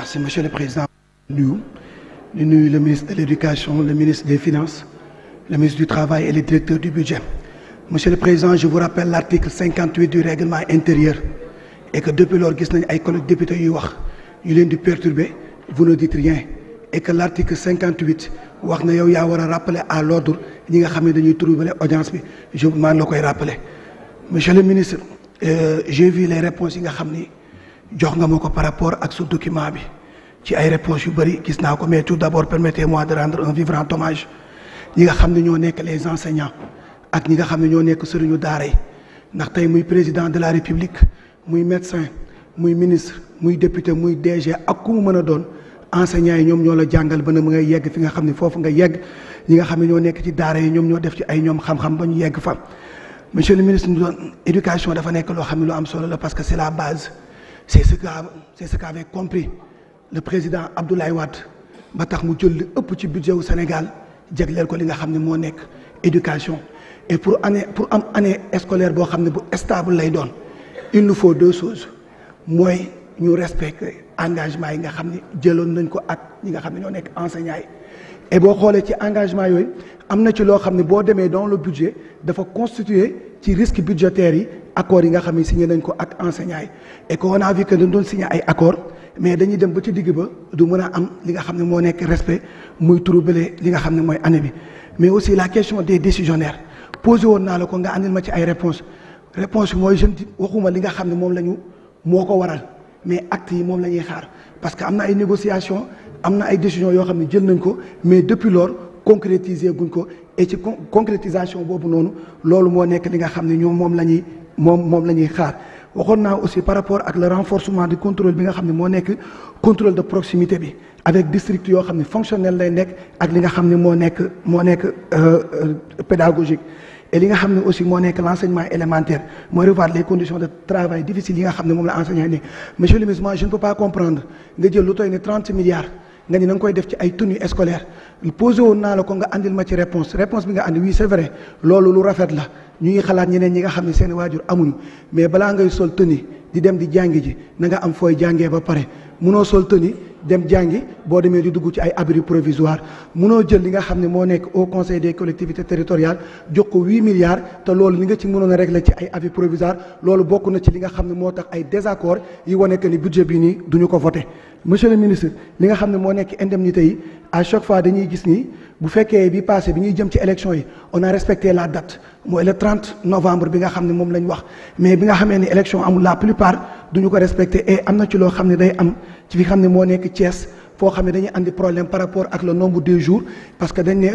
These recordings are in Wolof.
merci monsieur le président nuyu di nuyu le ministre de l'éducation le ministre des finances le ministre du travail et le directeur du budget monsieur le président je vous rappelle l'article 58 du règlement intérieur et depuis lors gis nañ ay collègues députés yuy wax yu leen di perturber vous ne dites rien l'article wax na yow yaa war a rappeler à l'ordre ñi nga xam ne dañuy troubler audience bi je maan koy rappeler monsieur le ministre euh, vu yi nga ni jox nga ma ko par rapport ak su document bi ci ay réponses yu bëri gis naa ko mais tout d' abord permettez-moi de rendre un vibrant hommage ñi nga xam ne ñoo nekk les enseignants ak ñi nga xam ne ñoo nekk sëriñu daara yi ndax tey muy président de la république muy médecin muy ministre muy député muy DG ak ku mu mën a doon enseignants yi ñoom ñoo la jàngal ba na mu ngay yegg fi nga xam ne foofu nga yegg ñi nga xam ne ñoo nekk ci daara yi ñoom ñoo def ci ay ñoom xam ñu yegg fa monsieur le ministre éducation dafa nekk loo xam ne lu am solo la parce que c'est la base c'est ce qu'a c'est compris le président Abdoulaye Wade ba tax mu jël li ëpp ci budget wu Sénégal jagleel ko li nga xam ne moo nekk éducation et pour année pour am année scolaire boo xam ne bu estable lay doon il nous faut deux choses mooy ñu respecter engagement yi nga xam ni jëloon nañ ko ak ñi nga xam ne ñoo nekk enseignants yi et boo xoolee ci engagement yooyu am na ci loo xam ne boo demee dans le budget dafa constituer ci risque budgétaire yi accords yi nga xam ne signe nañ ko ak enseignants yi et que on a vu que dañ doon signé ay accords mais dañuy dem ba ca digg ba du mën a am li nga xam ne moo nekk respect muy troubler li nga xam ne mooy année bi mais aussi la question des décisionnaires posé woon naa la ko nga andil ma ci ay réponses réponse bi mooy je waxuma li nga xam ne moom la ñu moo ko waral mais actes yi moom la ñuy xaar parce que am na ay négociation am na ay décisions yoo xam ne jël nañ ko mais depuis lors concrétiser guñ ko et ci concrétisation boobu noonu loolu moo nekk li nga xam ne ñoom moom la ñuy. moom moom la ñuy xaar waxoon naa aussi par rapport ak le renforcement du contrôle bi nga xam ne moo nekk contrôle de proximité bi avec district yoo xam ni fonctionnel lay nekk ak li nga xam ne moo nekk moo nekk euh, euh, pédagogique et li nga xam ne aussi moo nekk l' enseignement élémentaire mooy revoir les conditions de travail difficiles yi nga xam ne moom la enseignant yi nekk monsieur le ministre moi je ne peux pas comprendre nga jël lu toy ne trente milliards nga ni na nga koy def ci ay tenue scolaire posé woon naa la ko nga andil ma ci réponse réponse bi nga andi oui c'est loolu lu rafet la ñu ngi xalaat ñeneen ñi nga xam ne seen waajur amuñu mais balaa ngay sol tenue di dem di jàngi ji na nga am fooy jàngee ba pare munoo sol tenue dem jàngi boo demee di dugg ci ay abri provisoire munoo jël li nga xam ne moo nekk au conseil des collectivités territoriales jox ko huit milliards te loolu li nga ci mënoon a régler ci ay abri provisoire loolu bokk na ci li nga xam ne moo tax ay désaccord yi wane que ni budget bi nii du ñu ko voté monsieur le ministre li nga xam ne moo nekk indemnité yi à chaque fois dañuy gis ni bu fekkee bi passé bi ñuy jëm ci élection yi on a respecté la dat mooy le 30 novembre bi nga xam ne moom lañ wax mais bi nga xamee ni élection amul la plupart du ñu ko respecté am na ci loo xam ne day am ci fi xam ne moo nekk Thiès foo xam ne dañuy andi problème par rapport ak le nombre de jours parce que dañ ne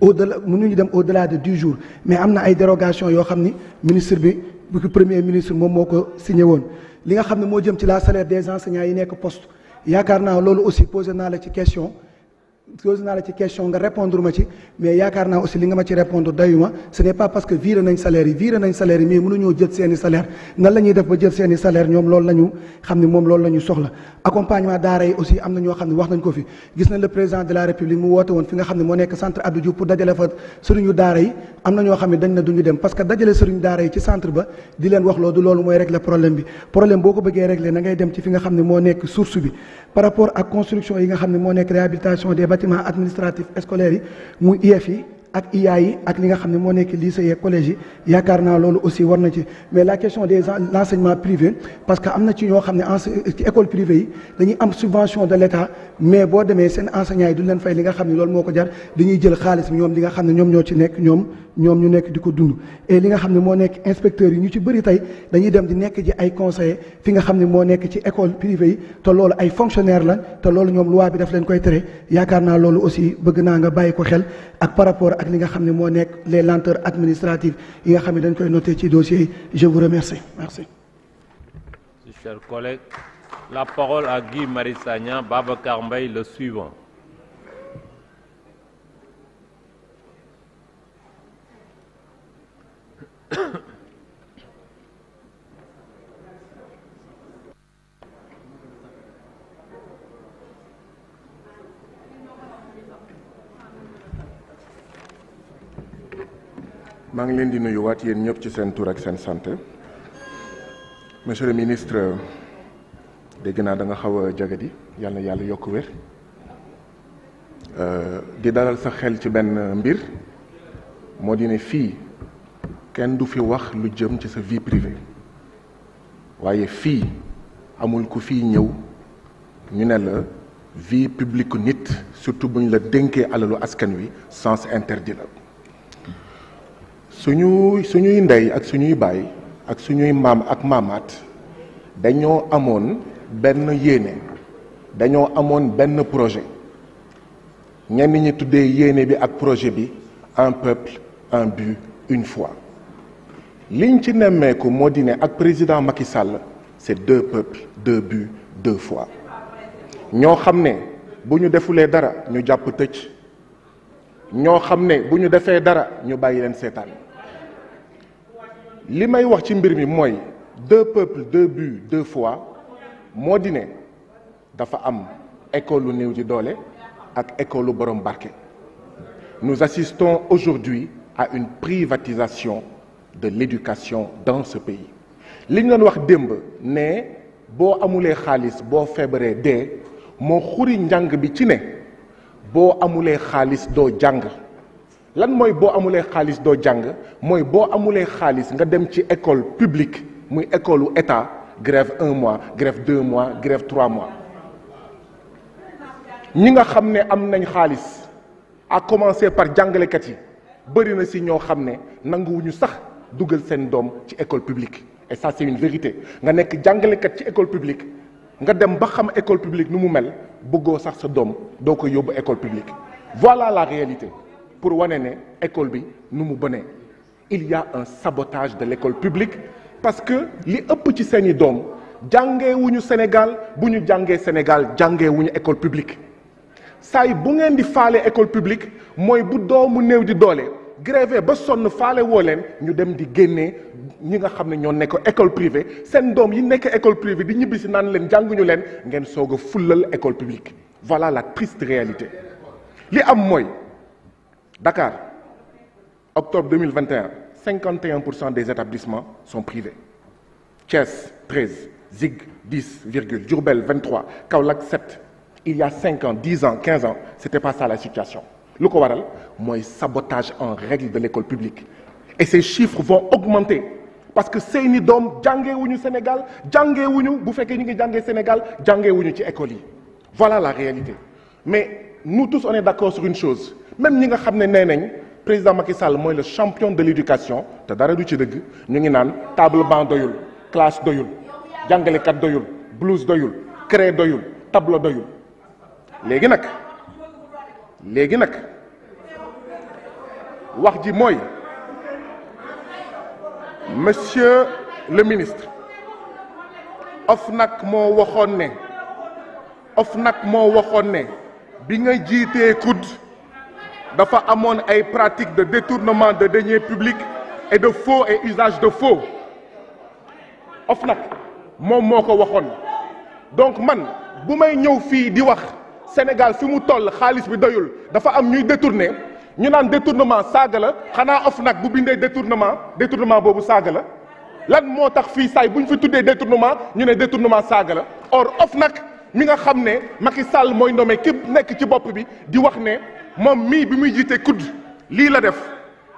au delà mënuñu dem au delà de dix jours mais am na ay dérogation yoo xam ni ministre bi bu premier ministre moom moo ko signé woon. li nga xam ne moo jëm ci la salaire des enseignants yi nekk post yaakaar naa loolu aussi posé naa la ci question. posé naa la ci question nga répondre ma ci mais yaakaar naa aussi li nga ma ci répondre dayu ce n'est pas parce que viré nañ salaire yi viré nañ salaire yi mais mënuñoo jël seen salaire nan la def ba jël seen salaire ñoom loolu la xam ne moom loolu la soxla accompagnement daara yi aussi am na ñoo xam ne wax nañ ko fi gis nañ le président de la république mu woote woon fi nga xam ne moo nekk centre Abdou pour dajale fa sëriñu daara bâtiment administratif scolaire yi muy IEF yi ak IA yi ak li nga xam ne moo nekk lycée yeeg collège yi yaakaar naa loolu aussi war na ci mais la question des l'enseignement privé parce que am na ci ñoo xam ne ci école privée yi dañuy mais boo demee seen enseignants yi duñ leen fay li nga xam ne loolu ko jar dañuy jël xaalis bi ñoom xam ne ñoom ñoo ci nekk ñoom ñoom ñu nekk di ko dund et nga xam ne moo nekk inspecteurs yi ñu ci bëri dañuy dem di nekk ji ay conseillers fi nga xam ne moo nekk ci école privée yi te loolu ay fonctionnaires la te loolu ñoom loi bi daf leen koy tere yaakaar naa loolu aussi bëgg naa nga bàyyi ko xel ak par rapport ak li nga xam ne moo nekk les lenteurs administratives yi nga xam ne dañ koy noter ci dossier yi je vous remercie merci. Chers collègues, la parole à Guy Marius Sagna, suivant. maa ngi leen di nuyuwaat yéen ñëpp ci seen tur ak seen santé monsieur le ministre dégg naa danga nga xaw a jagadi yàlla yàlla yokk wér euh, di dalal sa xel ci benn mbir moo di ne fii kenn du fi wax lu jëm ci sa vie privée waaye fii amul ku fi ñëw ñu ne la vie publique nit surtout bu ñu la dénkee alalu askan wi sens interdit la. suñu suñuy ndey ak suñuy baay ak suñuy maam ak maamaat dañoo amoon benn yéene dañoo amoon benn projet ñenn ñi tuddee yéene bi ak projet bi un peuple un but une foi liñ ci nemmeeku moo di ne ak président Macky Sall c'est deux peuples deux buts deux fois ñoo xam ne bu ñu defulee dara ñu jàpp tëj ñoo xam ne bu ñu defee dara ñu bàyyi leen seetaan li may wax ci mbir mi mooy deux peuples deux buts deux fois moo di ne dafa am école lu néew ji doole ak école lu borom barke. nous assistons aujourd'hui à une privatisation de l'éducation dans ce pays li ñu doon wax démb ne boo amulee xaalis boo feebaree dee moo xuri njàng bi ci ne boo amulee xaalis doo jàng. lan mooy boo amulee xaalis doo jàng mooy boo amulee xaalis nga dem ci école publique muy école u état grève un mois grève deux mois grève trois mois ñi nga xam ne am nañ xaalis ak commencer par jàngalekat yi bëri na si ñoo xam ne nanguwuñu sax dugal seen doom ci école publique et ça c'est vérité nga nekk jàngalekat ci école publique nga dem ba xam école publique nu mu mel bëggoo sax sa doom doo koy yóbbu école publique voilà la réalité pour wane ne école bi nu mu bënee il y a un sabotage de l'école publique parce que li ëpp ci seeni doom jàngee wuñu Sénégal bu ñu jàngee Sénégal jàngee wuñu école publique saay bu ngeen di faale école publique mooy bu doomu néew di doole grévé ba sonn faale woo leen ñu dem di génnee ñi nga xam ne ñoo nekk école privée seen doom yi nekk école privée di ñibbi si naan leen jànguñu leen ngeen soog a fullal école publique voilà la triste réalité li am mooy Dakar octobre 2021 51 pour cent des établissements sont privés Thiès 13 Zig 10 virgule Diourbel 23 Kaolack 7 il y a 5 ans 10 ans 15 ans c'était pas ça la situation lu ko waral mooy sabotage en règle de l'école publique et ces chiffres vont augmenter parce que seeni doom jàngeewuñu Sénégal jàngeewuñu bu fekkee ñu ngi jàngee Sénégal jàngeewuñu ci école yi voilà la réalité mais nous tous on est d'accord sur une chose même ñi nga xam ne nee nañ président Macky Sall mooy le champion de l'éducation te dara du ci dëgg ñu ngi naan table banc doyul classe doyul jàngalekat doyul blouse doyul craie doyul tableau doyul léegi nag léegi nag wax ji mooy monsieur le ministre nag moo waxoon ne nag moo waxoon ne bi nga jiitee COUD dafa amoon ay pratiques de détournement de deniers publics et de faux et usage de faux OFNAC moom moo ko waxoon donc man bu may ñëw fii di wax Sénégal fi mu toll xaalis bi doyul dafa am ñuy détourné ñu naan détournement saaga la xanaa OFNAC bu bindee détournement détournement boobu saaga la lan moo tax fii saay bu ñu fi tuddee détournement ñu ne détournement saaga la or OFNAC mi nga xam ne Macky Sall mooy nommé képp nekk ci bopp bi di wax ne moom mii bi muy jiite kudd lii la def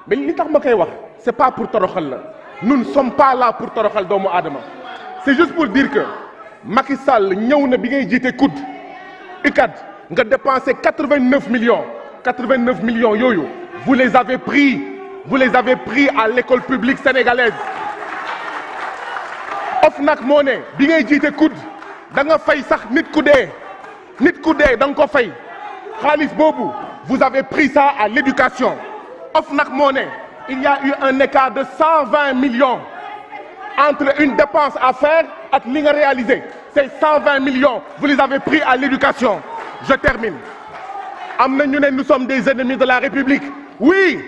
mais li tax ma koy wax c'est pas pour toroxal la nous som sommes pas là pour toroxal doomu aadama c'est juste pour dire que Macky Sall ñëw na bi ngay jiite kudd UCAD nga dépensé quatre-vingt-neuf millions quatre-vingt-neuf millions yooyu vous les avez pris vous les avez pris à l'école publique sénégalaise OFNAC moo ne bi ngay jiite kudd da nga fay sax nit ku dee nit ku dee da nga ko fay xaalis boobu vous avez pris ça à l'éducation OFNAC moo ne il y a eu un écart de millions entre une dépense à faire ak li nga réalisé ces 120 millions vous les avez pris à l'éducation je termine am na ñu ne nous sommes des ennemis de la République oui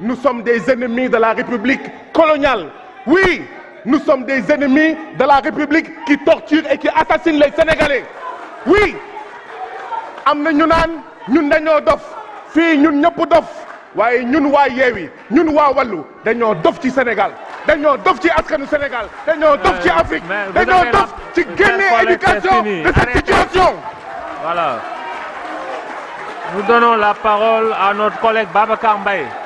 nous sommes des ennemis de la République coloniale oui nous sommes des ennemis de la République qui torturent et qui assassinent les Sénégalais oui am na ñu naan ñun dañoo dof fii ñun ñëpp dof waaye ñun waa yeewi ñun waa wàllu dañoo dof ci Sénégal dañoo dof ci askanu Sénégal dañoo dof ci Afrique dañoo dof ci génne éducation de cette situation. Voilà. donnons la parole à notre collègue Babacar Mbaye.